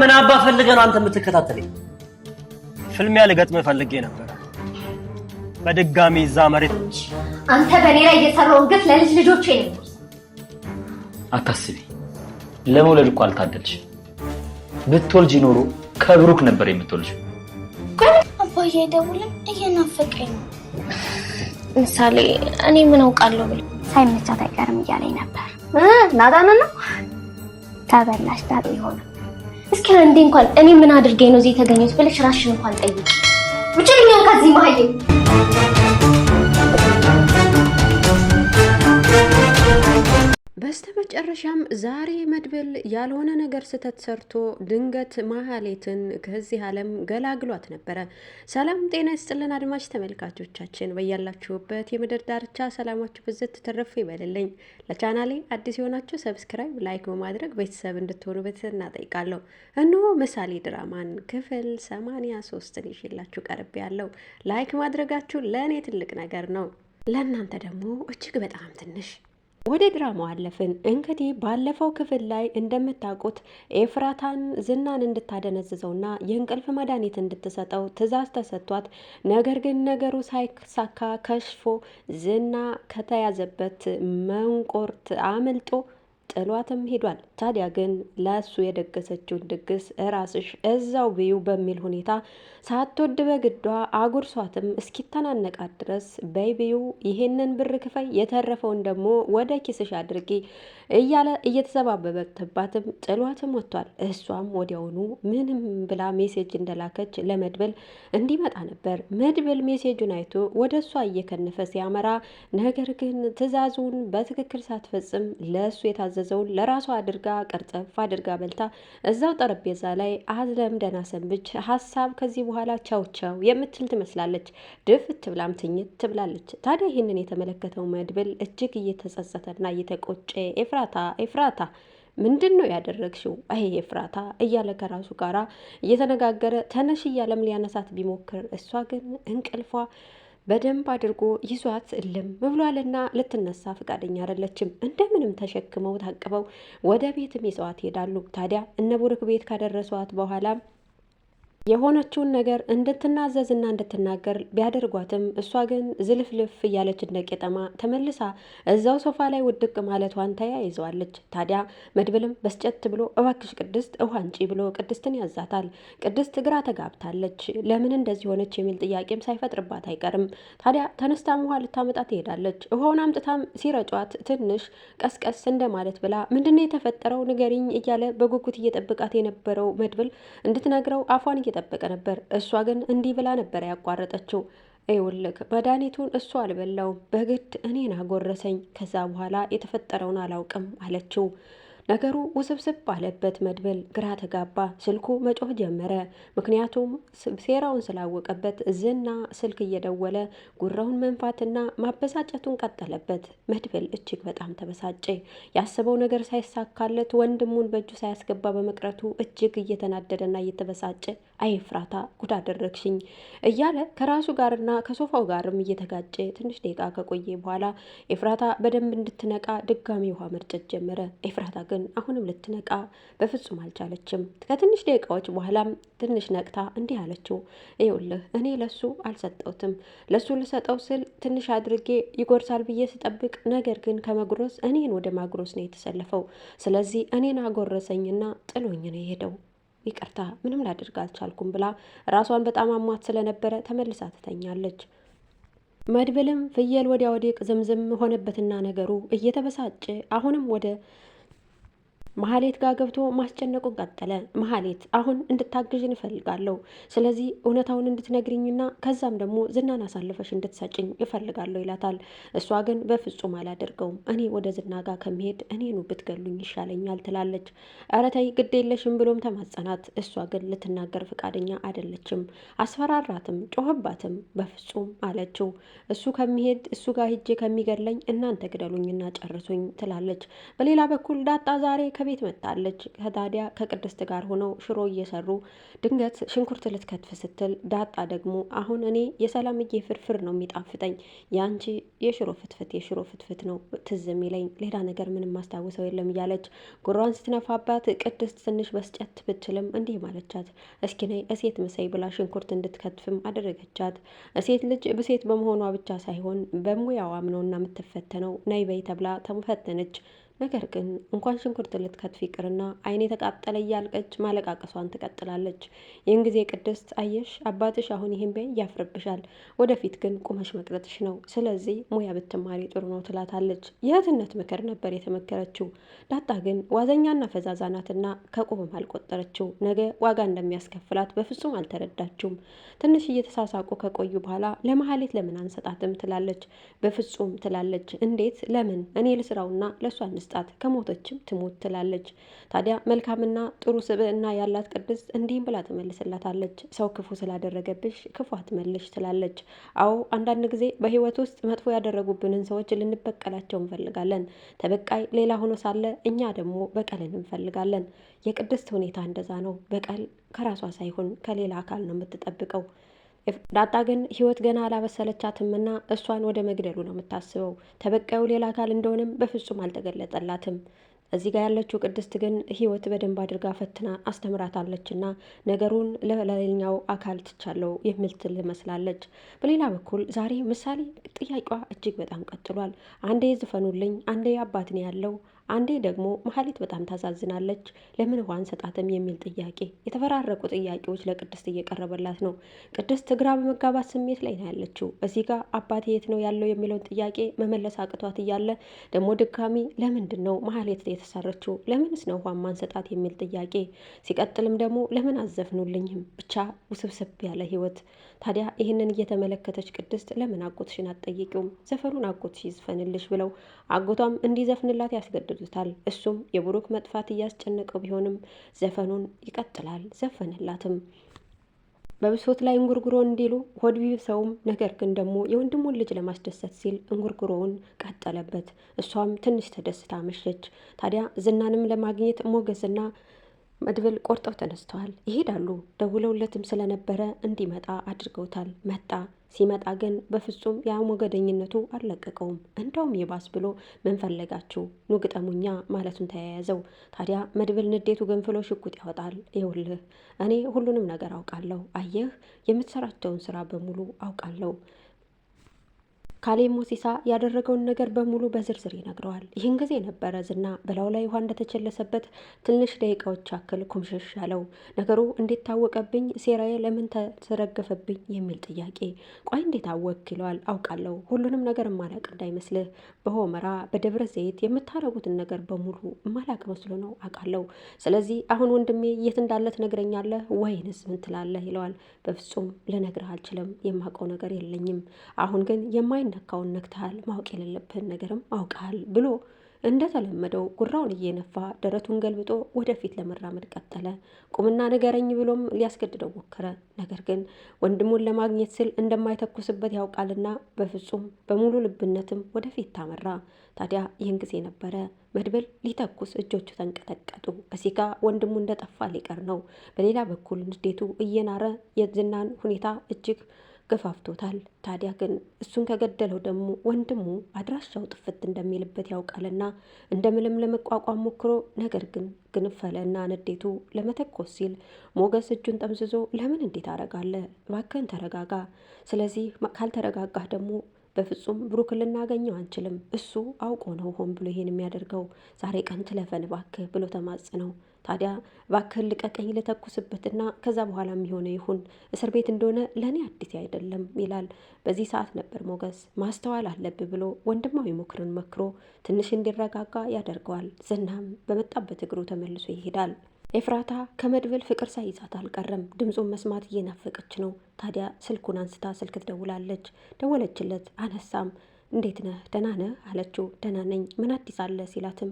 ምን አባ ፈልገህ ነው አንተ የምትከታተለኝ? ፍልሚያ ልገጥምህ ፈልጌ ነበር። በድጋሚ እዛ መሬት አንተ በኔ ላይ የሰራውን ግፍ ለልጅ ልጆቼ ነው። አታስቢ፣ ለመውለድ እኮ አልታደልሽ። ብትወልጂ ኖሮ ከብሩክ ነበር የምትወልጂ። አባዬ አይደውልም፣ እየናፈቀኝ ነው። ምሳሌ እኔ ምን አውቃለሁ ብሎ ሳይመቻት አይቀርም እያለኝ ነበር። ናታን ነው ተበላሽ ዳሩ ይሆናል እስኪ አንዴ እንኳን እኔ ምን አድርጌ ነው እዚህ የተገኘሁት ብለሽ ራስሽን እንኳን ጠይቂ። ውጭልኛ ከዚህ መሀይም በስተመጨረሻም ዛሬ መድብል ያልሆነ ነገር ስህተት ሰርቶ ድንገት ማህሌትን ከዚህ ዓለም ገላግሏት ነበረ። ሰላም ጤና ይስጥልን አድማጭ ተመልካቾቻችን በያላችሁበት የምድር ዳርቻ ሰላማችሁ ብዝት ትርፍ ይበልልኝ። ለቻናሌ አዲስ የሆናችሁ ሰብስክራይብ፣ ላይክ በማድረግ ቤተሰብ እንድትሆኑ በትህትና እጠይቃለሁ። እነሆ ምሳሌ ድራማን ክፍል ሰማንያ ሶስትን ይዤላችሁ ያለው ላይክ ማድረጋችሁ ለእኔ ትልቅ ነገር ነው፣ ለእናንተ ደግሞ እጅግ በጣም ትንሽ ወደ ድራማው አለፍን። እንግዲህ ባለፈው ክፍል ላይ እንደምታውቁት ኤፍራታን ዝናን እንድታደነዝዘውና የእንቅልፍ መድኃኒት እንድትሰጠው ትዕዛዝ ተሰጥቷት፣ ነገር ግን ነገሩ ሳይሳካ ከሽፎ ዝና ከተያዘበት መንቆርት አምልጦ ጥሏትም ሄዷል። ታዲያ ግን ለእሱ የደገሰችውን ድግስ እራስሽ እዛው ብዩ በሚል ሁኔታ ሳትወድ በግዷ አጉርሷትም እስኪተናነቃት ድረስ በይ ብዩ ብር ክፈይ፣ የተረፈውን ደግሞ ወደ ኪስሽ አድርጊ እያለ እየተዘባበበትባትም ጥሏትም ወጥቷል። እሷም ወዲያውኑ ምንም ብላ ሜሴጅ እንደላከች ለመድብል እንዲመጣ ነበር። መድብል ሜሴጁን አይቶ ወደ እሷ እየከነፈ ሲያመራ ነገር ግን ትዕዛዙን በትክክል ሳትፈጽም ለእሱ የታዘ ያዘዘውን ለራሷ አድርጋ ቀርጸፍ አድርጋ በልታ እዛው ጠረጴዛ ላይ አዝለም ደህና ሰንብች፣ ሀሳብ ከዚህ በኋላ ቻው ቻው የምትል ትመስላለች። ድፍት ብላም ትኝት ትብላለች። ታዲያ ይህንን የተመለከተው መድብል እጅግ እየተጸጸተና እየተቆጨ ኤፍራታ ኤፍራታ ምንድን ነው ያደረግሽው? ይሄ ኤፍራታ እያለ ከራሱ ጋራ እየተነጋገረ ተነሽ እያለም ሊያነሳት ቢሞክር እሷ ግን እንቅልፏ በደንብ አድርጎ ይዟት እልም ብሏልና ልትነሳ ፈቃደኛ አይደለችም። እንደምንም ተሸክመው ታቅበው ወደ ቤትም ይዘዋት ይሄዳሉ። ታዲያ እነ ቡርክ ቤት ካደረሷት በኋላ የሆነችውን ነገር እንድትናዘዝና እንድትናገር ቢያደርጓትም እሷ ግን ዝልፍልፍ እያለች እንደ ቄጠማ ተመልሳ እዛው ሶፋ ላይ ውድቅ ማለቷን ተያይዘዋለች። ታዲያ መድብልም በስጨት ብሎ እባክሽ ቅድስት እዋንጪ ብሎ ቅድስትን ያዛታል። ቅድስት ግራ ተጋብታለች። ለምን እንደዚህ ሆነች የሚል ጥያቄም ሳይፈጥርባት አይቀርም። ታዲያ ተነስታም ውሃ ልታመጣ ትሄዳለች። ውሃውን አምጥታም ሲረጯት ትንሽ ቀስቀስ እንደማለት ብላ ምንድነው የተፈጠረው ንገሪኝ እያለ በጉጉት እየጠበቃት የነበረው መድብል እንድትነግረው አፏን እየተጠበቀ ነበር። እሷ ግን እንዲህ ብላ ነበር ያቋረጠችው። ይኸውልህ መድኃኒቱን እሱ አልበላውም፣ በግድ እኔን አጎረሰኝ። ከዛ በኋላ የተፈጠረውን አላውቅም አለችው። ነገሩ ውስብስብ ባለበት መድብል ግራ ተጋባ። ስልኩ መጮህ ጀመረ። ምክንያቱም ሴራውን ስላወቀበት ዝና ስልክ እየደወለ ጉራውን መንፋትና ማበሳጨቱን ቀጠለበት። መድብል እጅግ በጣም ተበሳጨ። ያሰበው ነገር ሳይሳካለት ወንድሙን በእጁ ሳያስገባ በመቅረቱ እጅግ እየተናደደና እየተበሳጨ አይፍራታ ጉዳ ጉድ አደረግሽኝ እያለ ከራሱ ጋርና ከሶፋው ጋርም እየተጋጨ ትንሽ ደቂቃ ከቆየ በኋላ ኤፍራታ በደንብ እንድትነቃ ድጋሚ ውሃ መርጨት ጀመረ። ኤፍራታ ግን አሁንም ልትነቃ በፍጹም አልቻለችም። ከትንሽ ደቂቃዎች በኋላም ትንሽ ነቅታ እንዲህ አለችው፣ ይኸውልህ እኔ ለሱ አልሰጠውትም። ለሱ ልሰጠው ስል ትንሽ አድርጌ ይጎርሳል ብዬ ስጠብቅ፣ ነገር ግን ከመጉረስ እኔን ወደ ማጉረስ ነው የተሰለፈው። ስለዚህ እኔን አጎረሰኝና ጥሎኝ ነው የሄደው። ይቅርታ ምንም ላድርግ አልቻልኩም ብላ ራሷን በጣም አሟት ስለነበረ ተመልሳ ትተኛለች። መድብልም ፍየል ወዲያ ወዲቅ ዝምዝም ሆነበትና ነገሩ እየተበሳጨ አሁንም ወደ መሀሌት ጋር ገብቶ ማስጨነቁን ቀጠለ። መሀሌት አሁን እንድታግዥን እፈልጋለሁ። ስለዚህ እውነታውን እንድትነግርኝና ከዛም ደግሞ ዝናን አሳልፈሽ እንድትሰጭኝ እፈልጋለሁ ይላታል። እሷ ግን በፍጹም አላደርገውም፣ እኔ ወደ ዝና ጋር ከመሄድ እኔኑ ብትገሉኝ ይሻለኛል ትላለች። ኧረ ተይ ግድ የለሽም ብሎም ተማጸናት። እሷ ግን ልትናገር ፈቃደኛ አይደለችም። አስፈራራትም፣ ጮህባትም፣ በፍጹም አለችው። እሱ ከሚሄድ እሱ ጋር ሂጄ ከሚገድለኝ እናንተ ግደሉኝና ጨርሱኝ ትላለች። በሌላ በኩል ዳጣ ዛሬ ከቤት መጣለች። ከታዲያ ከቅድስት ጋር ሆነው ሽሮ እየሰሩ ድንገት ሽንኩርት ልትከትፍ ስትል ዳጣ ደግሞ አሁን እኔ የሰላምዬ ፍርፍር ነው የሚጣፍጠኝ፣ ያንቺ የሽሮ ፍትፍት የሽሮ ፍትፍት ነው ትዝ የሚለኝ ሌላ ነገር ምንም ማስታውሰው የለም እያለች ጉሯን ስትነፋባት ቅድስት ትንሽ በስጨት ብትልም እንዲህ ማለቻት። እስኪ ነይ እሴት መሰይ ብላ ሽንኩርት እንድትከትፍም አደረገቻት። እሴት ልጅ ብሴት በመሆኗ ብቻ ሳይሆን በሙያዋም ነውና የምትፈተነው ነይ በይ ተብላ ተፈተነች። ነገር ግን እንኳን ሽንኩርት ልትከትፍ ይቅርና አይን የተቃጠለ እያልቀች ማለቃቀሷን ትቀጥላለች። ይህን ጊዜ ቅድስት አየሽ፣ አባትሽ አሁን ይህን ቢያይ ያፍርብሻል፣ ወደፊት ግን ቁመሽ መቅረጥሽ ነው። ስለዚህ ሙያ ብትማሪ ጥሩ ነው ትላታለች። የእህትነት ምክር ነበር የተመከረችው። ዳጣ ግን ዋዘኛና ፈዛዛ ናትና ከቁብም አልቆጠረችው። ነገ ዋጋ እንደሚያስከፍላት በፍጹም አልተረዳችውም። ትንሽ እየተሳሳቁ ከቆዩ በኋላ ለመሀሌት ለምን አንሰጣትም ትላለች። በፍጹም ትላለች። እንዴት ለምን እኔ ልስራውና ለእሷ እንስጣት ከሞተችም ትሞት ትላለች። ታዲያ መልካምና ጥሩ ስብዕና ያላት ቅድስት እንዲህም ብላ ትመልስላታለች። ሰው ክፉ ስላደረገብሽ ክፉ አትመልሽ ትላለች። አዎ አንዳንድ ጊዜ በህይወት ውስጥ መጥፎ ያደረጉብንን ሰዎች ልንበቀላቸው እንፈልጋለን። ተበቃይ ሌላ ሆኖ ሳለ እኛ ደግሞ በቀልን እንፈልጋለን። የቅድስት ሁኔታ እንደዛ ነው። በቀል ከራሷ ሳይሆን ከሌላ አካል ነው የምትጠብቀው። ዳጣ ግን ህይወት ገና አላበሰለቻትም እና እሷን ወደ መግደሉ ነው የምታስበው። ተበቃዩ ሌላ አካል እንደሆነም በፍጹም አልተገለጠላትም። እዚህ ጋር ያለችው ቅድስት ግን ህይወት በደንብ አድርጋ ፈትና አስተምራታለችና ነገሩን ለሌላኛው አካል ትቻለው የሚል መስላለች። በሌላ በኩል ዛሬ ምሳሌ ጥያቄዋ እጅግ በጣም ቀጥሏል። አንዴ ዝፈኑልኝ፣ አንዴ አባትን ያለው አንዴ ደግሞ መሀሊት በጣም ታሳዝናለች፣ ለምን ውሃ አንሰጣትም የሚል ጥያቄ፣ የተፈራረቁ ጥያቄዎች ለቅድስት እየቀረበላት ነው። ቅድስት ግራ በመጋባት ስሜት ላይ ነው ያለችው። እዚህ ጋር አባቴ የት ነው ያለው የሚለውን ጥያቄ መመለስ አቅቷት እያለ ደግሞ ድጋሚ ለምንድን ነው መሀሊት የተሰረችው? ለምንስ ነው ውሃ ማንሰጣት የሚል ጥያቄ፣ ሲቀጥልም ደግሞ ለምን አዘፍኑልኝም? ብቻ ውስብስብ ያለ ህይወት ታዲያ ይህንን እየተመለከተች ቅድስት ለምን አጎትሽን አትጠይቂውም? ዘፈኑን አጎት ይዝፈንልሽ ብለው አጎቷም እንዲዘፍንላት ያስገድዱታል። እሱም የብሩክ መጥፋት እያስጨነቀው ቢሆንም ዘፈኑን ይቀጥላል። ዘፈንላትም በብሶት ላይ እንጉርጉሮ እንዲሉ ሆድ ቢብሰውም ነገር ግን ደግሞ የወንድሙን ልጅ ለማስደሰት ሲል እንጉርጉሮውን ቀጠለበት። እሷም ትንሽ ተደስታ መሸች። ታዲያ ዝናንም ለማግኘት ሞገስና መድብል ቆርጠው ተነስተዋል። ይሄዳሉ። ደውለውለትም ስለነበረ እንዲመጣ አድርገውታል። መጣ። ሲመጣ ግን በፍጹም የሞገደኝነቱ አልለቀቀውም። እንደውም ይባስ ብሎ ምን ፈለጋችሁ ኑ ማለቱን ተያያዘው። ታዲያ መድብል ንዴቱ ገንፍሎ ሽጉጥ ያወጣል። ይውልህ እኔ ሁሉንም ነገር አውቃለሁ። አየህ የምትሰራቸውን ስራ በሙሉ አውቃለሁ ካሌብ ሞሲሳ ያደረገውን ነገር በሙሉ በዝርዝር ይነግረዋል። ይህን ጊዜ ነበረ ዝና በላዩ ላይ ውሃ እንደተቸለሰበት ትንሽ ደቂቃዎች ያክል ኩምሽሽ ያለው። ነገሩ እንዴት ታወቀብኝ፣ ሴራዬ ለምን ተዘረገፈብኝ? የሚል ጥያቄ። ቆይ እንዴት አወክ ይለዋል። አውቃለሁ ሁሉንም ነገር ማላቅ እንዳይመስልህ። በሆመራ በደብረ ዘይት የምታረጉትን ነገር በሙሉ ማላቅ መስሎ ነው አውቃለሁ። ስለዚህ አሁን ወንድሜ የት እንዳለ ትነግረኛለህ ወይንስ ምን ትላለህ? ይለዋል። በፍጹም ልነግርህ አልችልም። የማውቀው ነገር የለኝም። አሁን ግን የማይ የነካውን ነክተሃል፣ ማወቅ የሌለብህን ነገርም አውቀሃል ብሎ እንደተለመደው ጉራውን እየነፋ ደረቱን ገልብጦ ወደፊት ለመራመድ ቀጠለ። ቁምና ንገረኝ ብሎም ሊያስገድደው ሞከረ። ነገር ግን ወንድሙን ለማግኘት ስል እንደማይተኩስበት ያውቃልና በፍጹም በሙሉ ልብነትም ወደፊት ታመራ። ታዲያ ይህን ጊዜ ነበረ መድብል ሊተኩስ እጆቹ ተንቀጠቀጡ። እዚህ ጋ ወንድሙ እንደጠፋ ሊቀር ነው። በሌላ በኩል ንዴቱ እየናረ የዝናን ሁኔታ እጅግ ገፋፍቶታል። ታዲያ ግን እሱን ከገደለው ደግሞ ወንድሙ አድራሻው ጥፍት እንደሚልበት ያውቃልና እንደምንም ለመቋቋም ሞክሮ ነገር ግን ግንፈለና ንዴቱ ለመተኮስ ሲል ሞገስ እጁን ጠምዝዞ ለምን እንዴት አረጋለ? እባክህን ተረጋጋ። ስለዚህ ካልተረጋጋህ ደግሞ በፍጹም ብሩክ ልናገኘው አንችልም። እሱ አውቆ ነው ሆን ብሎ ይሄን የሚያደርገው። ዛሬ ቀን ትለፈን እባክህ ብሎ ተማጽነው። ታዲያ እባክህን ልቀቀኝ ልተኩስበትና ከዛ በኋላ የሚሆነ ይሁን፣ እስር ቤት እንደሆነ ለእኔ አዲስ አይደለም ይላል። በዚህ ሰዓት ነበር ሞገስ ማስተዋል አለብህ ብሎ ወንድማዊ ምክርን መክሮ ትንሽ እንዲረጋጋ ያደርገዋል። ዝናም በመጣበት እግሩ ተመልሶ ይሄዳል። ኤፍራታ ከመድብል ፍቅር ሳይዛት አልቀረም። ድምፁን መስማት እየናፈቀች ነው። ታዲያ ስልኩን አንስታ ስልክ ትደውላለች። ደወለችለት፣ አነሳም። እንዴት ነህ ደህና ነህ አለችው። ደህና ነኝ፣ ምን አዲስ አለ ሲላትም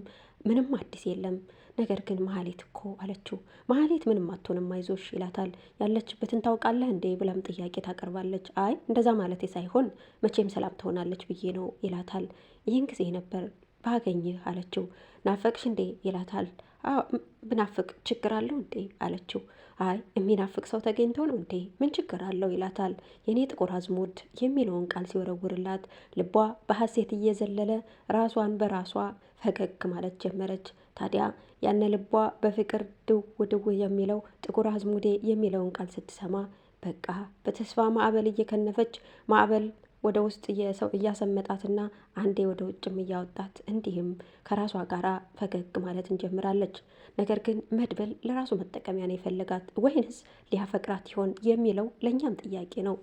ምንም አዲስ የለም፣ ነገር ግን መሀሌት እኮ አለችው። መሀሌት ምንም አትሆንም አይዞሽ ይላታል። ያለችበትን ታውቃለህ እንዴ ብላም ጥያቄ ታቀርባለች። አይ እንደዛ ማለቴ ሳይሆን መቼም ሰላም ትሆናለች ብዬ ነው ይላታል። ይህን ጊዜ ነበር ባገኝህ አለችው። ናፈቅሽ እንዴ ይላታል። ብናፍቅ ችግር አለው እንዴ አለችው። አይ የሚናፍቅ ሰው ተገኝቶ ነው እንዴ ምን ችግር አለው ይላታል። የእኔ ጥቁር አዝሙድ የሚለውን ቃል ሲወረውርላት ልቧ በሐሴት እየዘለለ ራሷን በራሷ ፈገግ ማለት ጀመረች። ታዲያ ያነ ልቧ በፍቅር ድው ድው የሚለው ጥቁር አዝሙዴ የሚለውን ቃል ስትሰማ በቃ በተስፋ ማዕበል እየከነፈች ማዕበል ወደ ውስጥ የሰው እያሰመጣትና አንዴ ወደ ውጭም እያወጣት እንዲህም ከራሷ ጋር ፈገግ ማለት እንጀምራለች። ነገር ግን መድብል ለራሱ መጠቀሚያ ነው የፈለጋት ወይንስ ሊያፈቅራት ይሆን የሚለው ለእኛም ጥያቄ ነው።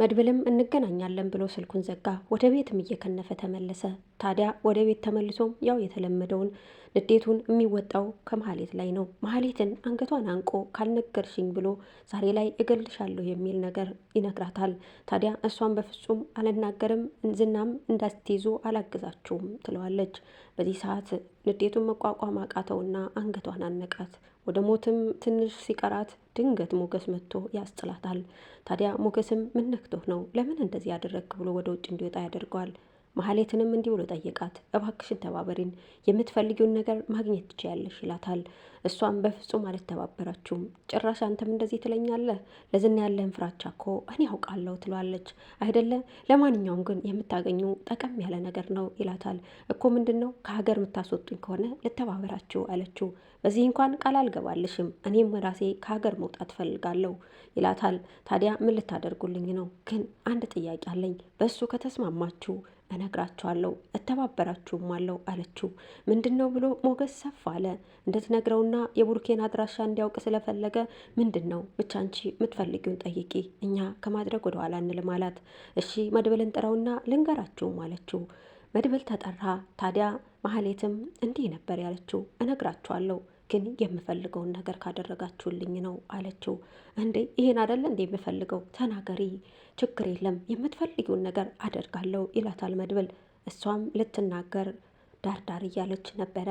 መድብልም እንገናኛለን ብሎ ስልኩን ዘጋ። ወደ ቤትም እየከነፈ ተመለሰ። ታዲያ ወደ ቤት ተመልሶም ያው የተለመደውን ንዴቱን የሚወጣው ከመሀሌት ላይ ነው። መሀሌትን አንገቷን አንቆ ካልነገርሽኝ ብሎ ዛሬ ላይ እገልሻለሁ የሚል ነገር ይነግራታል። ታዲያ እሷን በፍጹም አልናገርም፣ ዝናም እንዳትይዙ አላግዛችሁም ትለዋለች። በዚህ ሰዓት ንዴቱን መቋቋም አቃተውና አንገቷን አነቃት። ወደ ሞትም ትንሽ ሲቀራት ድንገት ሞገስ መጥቶ ያስጥላታል። ታዲያ ሞገስም ምን ነክቶህ ነው ለምን እንደዚህ ያደረግክ ብሎ ወደ ውጭ እንዲወጣ ያደርገዋል። ማህሌትንም እንዲህ ብሎ ጠየቃት። እባክሽን ተባበሪን፣ የምትፈልጊውን ነገር ማግኘት ትችያለሽ ይላታል። እሷም በፍጹም አልተባበራችሁም፣ ጭራሽ አንተም እንደዚህ ትለኛለህ፣ ለዝና ያለህን ፍራቻ እኮ እኔ ያውቃለሁ ትለዋለች አይደለ። ለማንኛውም ግን የምታገኙ ጠቀም ያለ ነገር ነው ይላታል። እኮ ምንድን ነው ከሀገር የምታስወጡኝ ከሆነ ልተባበራችሁ አለችው። በዚህ እንኳን ቃል አልገባልሽም፣ እኔም ራሴ ከሀገር መውጣት ፈልጋለሁ ይላታል። ታዲያ ምን ልታደርጉልኝ ነው? ግን አንድ ጥያቄ አለኝ፣ በእሱ ከተስማማችሁ እነግራችኋለሁ፣ እተባበራችሁም አለው አለችው። ምንድን ነው ብሎ ሞገስ ሰፋ አለ። እንድትነግረውና የቡርኬን አድራሻ እንዲያውቅ ስለፈለገ ምንድን ነው ብቻ አንቺ የምትፈልጊውን ጠይቂ፣ እኛ ከማድረግ ወደ ኋላ እንልም አላት። እሺ መድበልን ጥረውና ልንገራችሁም አለችው። መድበል ተጠራ። ታዲያ ማህሌትም እንዲህ ነበር ያለችው፣ እነግራችኋለሁ ግን የምፈልገውን ነገር ካደረጋችሁልኝ ነው አለችው። እንዴ ይሄን አደለ እንዴ የምፈልገው? ተናገሪ፣ ችግር የለም የምትፈልጊውን ነገር አደርጋለሁ ይላታል መድብል። እሷም ልትናገር ዳርዳር እያለች ነበረ።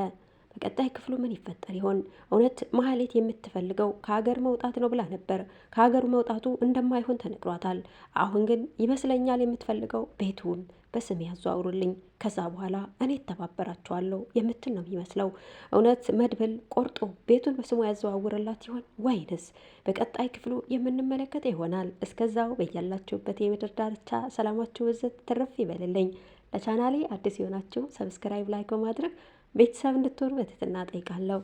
በቀጣይ ክፍሉ ምን ይፈጠር ይሆን? እውነት መሀሌት የምትፈልገው ከሀገር መውጣት ነው ብላ ነበር። ከሀገሩ መውጣቱ እንደማይሆን ተነግሯታል። አሁን ግን ይመስለኛል የምትፈልገው ቤቱን በስም ያዘዋውሩልኝ፣ ከዛ በኋላ እኔ ተባበራቸዋለሁ የምትል ነው የሚመስለው። እውነት መድብል ቆርጦ ቤቱን በስሙ ያዘዋውርላት ይሆን ወይንስ በቀጣይ ክፍሉ የምንመለከተ ይሆናል። እስከዛው በያላችሁበት የምድር ዳርቻ ሰላማችሁ ብዝት ትርፍ ይበልልኝ። ለቻናሌ አዲስ የሆናችሁ ሰብስክራይብ፣ ላይክ በማድረግ ቤተሰብ እንድትሆኑ በትህትና ጠይቃለሁ።